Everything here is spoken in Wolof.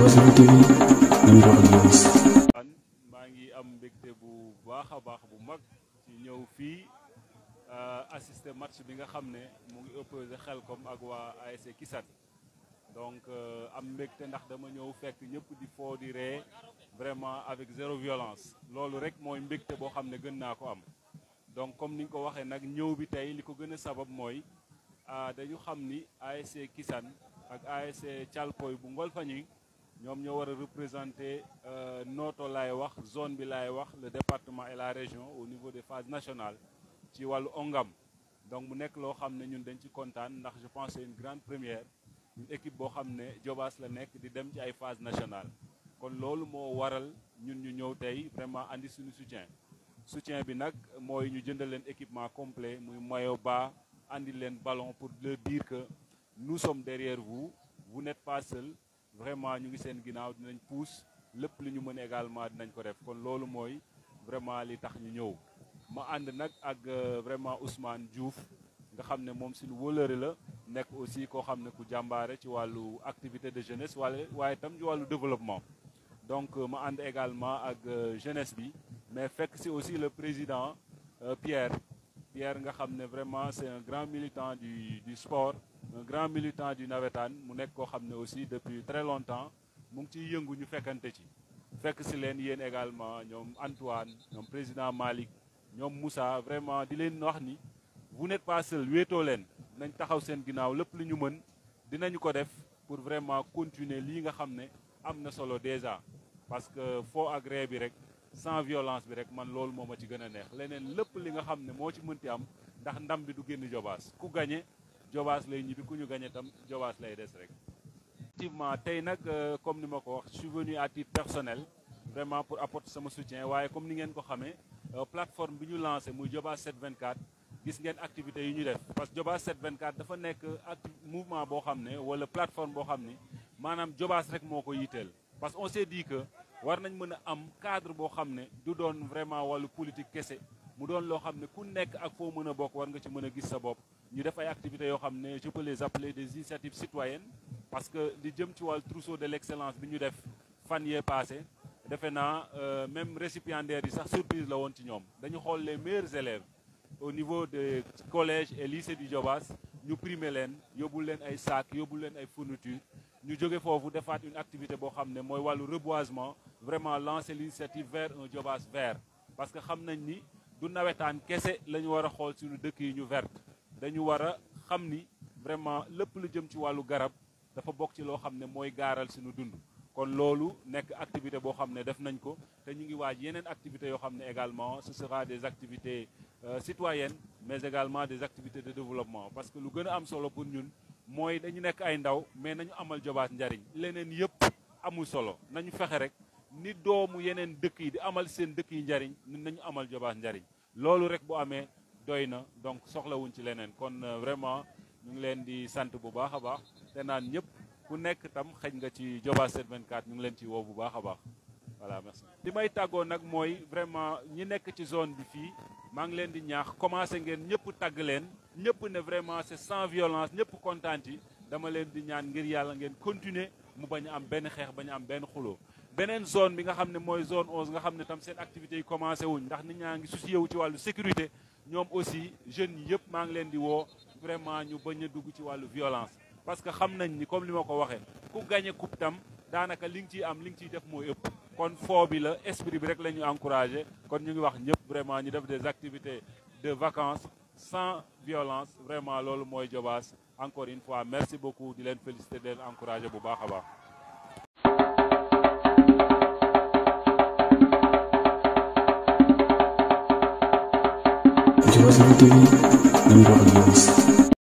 Vassavou TV dañu doon journaliste. maa am mbégte bu baax a bu mag ci ñëw fii assister match bi nga xamné mo ngi opposé Xelkom ak waa ASC Kisat donc euh, am mbégte ndax dama ñëw fekk ñëpp di foo di ree vraiment avec zéro violence lolu rek moy mbégte bo xamné ne gën naa ko am donc comme niñ ko waxé nak ñëw bi tay liko gëna gën a sabab mooy ah, dañu xam ni ASC Kisane ak ASC Thialpoy bu ngol Ngolfagni nous ñoo représenter euh, notre zone de laay le département et la région au niveau des phases nationales ci ongam donc nous sommes très xam ñun je pense c'est une grande première une équipe qui a été la nek di dem ci ay phases nationales kon loolu waral ñun ñu nous tey vraiment andi suñu soutien soutien bi nag nous ñu jëndal équipement complet muy maillot un ballon pour leur dire que nous sommes derrière vous vous n'êtes pas seul vraiment nous sommes seen nous dinañ le plus li ñu mën également dinañ ko def kon loolu mooy vraiment li tax ñu ñëw ma ànd nag euh, vraiment Ousmane Diouf nga xam ne moom le wóolëre la nek aussi koo xam ne ku jàmbaare ci activité de jeunesse ou waaye itam ci wàllu développement donc euh, ma également ak euh, jeunesse bi mais que c'est aussi le président Pierre Pierre nga xam vraiment c'est un grand militant du du sport un grand militant du nawetaan mu nek ko xamné aussi depuis très longtemps mu ngi ciy yëngu ñu fekkante ci fekk ci leen yeen également ñom Antoine ñom président Malick ñom Moussa vraiment di leen wax ni vous n'êtes pas seul weto leen nañ taxaw seen ginaaw lepp li ñu mën dinañ ko def pour vraiment continuer li nga xamné amna solo déjà parce que fo ak bi rek sans violence bi rek man loolu moma ci gëna neex leneen lepp li nga xamné mo ci mënti am ndax ndam bi du génn jobaas ku gagné Jobaas lay ñibi ku ñu gagné tam Jobaas lay dess rek. effectivement tay nak euh, comme ni ma ko wax je suis venu à titre personnel vraiment pour apporter sama soutien waye comme ni ngeen ko xamé euh, plateforme bi ñu lancer muy jobas 724 gis ngeen activité yi ñu def. parce que Jobaas 724 dafa nekk acti mouvement bo xamné wala plateforme bo xamné manam jobas rek moko yitel parce que on s'est dit que war nañ mëna am cadre bo xamné du doon vraiment walu politique kessé mu doon lo xamné ku nekk ak fo mëna bok war nga ci mëna gis sa bop nous def des activités je peux les appeler des initiatives citoyennes parce que nous jëm ci le trousseau de l'excellence nous bi ñu def fan passé même les euh, même récipiendaires ça surprise la avons ci les meilleurs élèves au niveau des collèges et lycées du Diobass nous primer les nous leen ay sacs Nous leen ay fournitures ñu avons fait une activité qui xam ne reboisement vraiment lancer l'initiative vers un Diobass vert parce que nous avons ni du nawetaan kese un nous nous a une suñu verte dañu wara a xam ni vraiment lépp lu jëm ci wàllu garab dafa bokk ci loo xam ne mooy gaaral suñu dund kon loolu nekk activité boo xam ne def nañ ko te ñu ngi waaj yeneen activité yoo xam ne également ce sera des activités euh, citoyennes mais également des activités de développement parce que lu gën a am solo pour ñun mooy dañu nekk ay ndaw mais nañu amal jobaat njariñ leneen yëpp amul solo nañu fexe rek ni doomu yeneen dëkk yi di amal seen dëkk yi njariñ ñun nañu amal jobaat njariñ loolu rek bu amee doy na donc soxlawuñ ci lenen kon euh, vraiment ñu ngi leen di sante bu baaxa baax té naan ñëpp ku nekk tam xëj nga ci joba 724 ñu ngi leen ci wo bu baaxa baax voilà merci. li may tàggoo nag mooy vraiment ñi nekk ci zone bi fi ma ngi leen di ñaax commencé ngeen ñëpp tàgg leen ñëpp ne vraiment c'est sans violence ñëpp kontaan yi dama leen di ñaan ngir yalla ngeen continuer mu bañ am ben xex bañ am ben xulo benen zone bi nga xam moy zone 11 nga xam tam seen activité yi commencé wuñ ndax nit ñaa ngi soucié wu ci walu sécurité ñom aussi jeune yi ma ngi leen di wo vraiment ñu bañ dugg ci walu violence parce que xam nañ ni comme li ma ko waxee ku gagner coupe tam danaka li ci am li ci def moo ëpp kon foo bi la esprit bi rek lañu encourager kon ñu ngi wax ñepp vraiment ñu def des activités de vacances sans violence vraiment loolu moy jobas encore une fois merci beaucoup di leen féliciter d'encourager bu baax baax was not to me.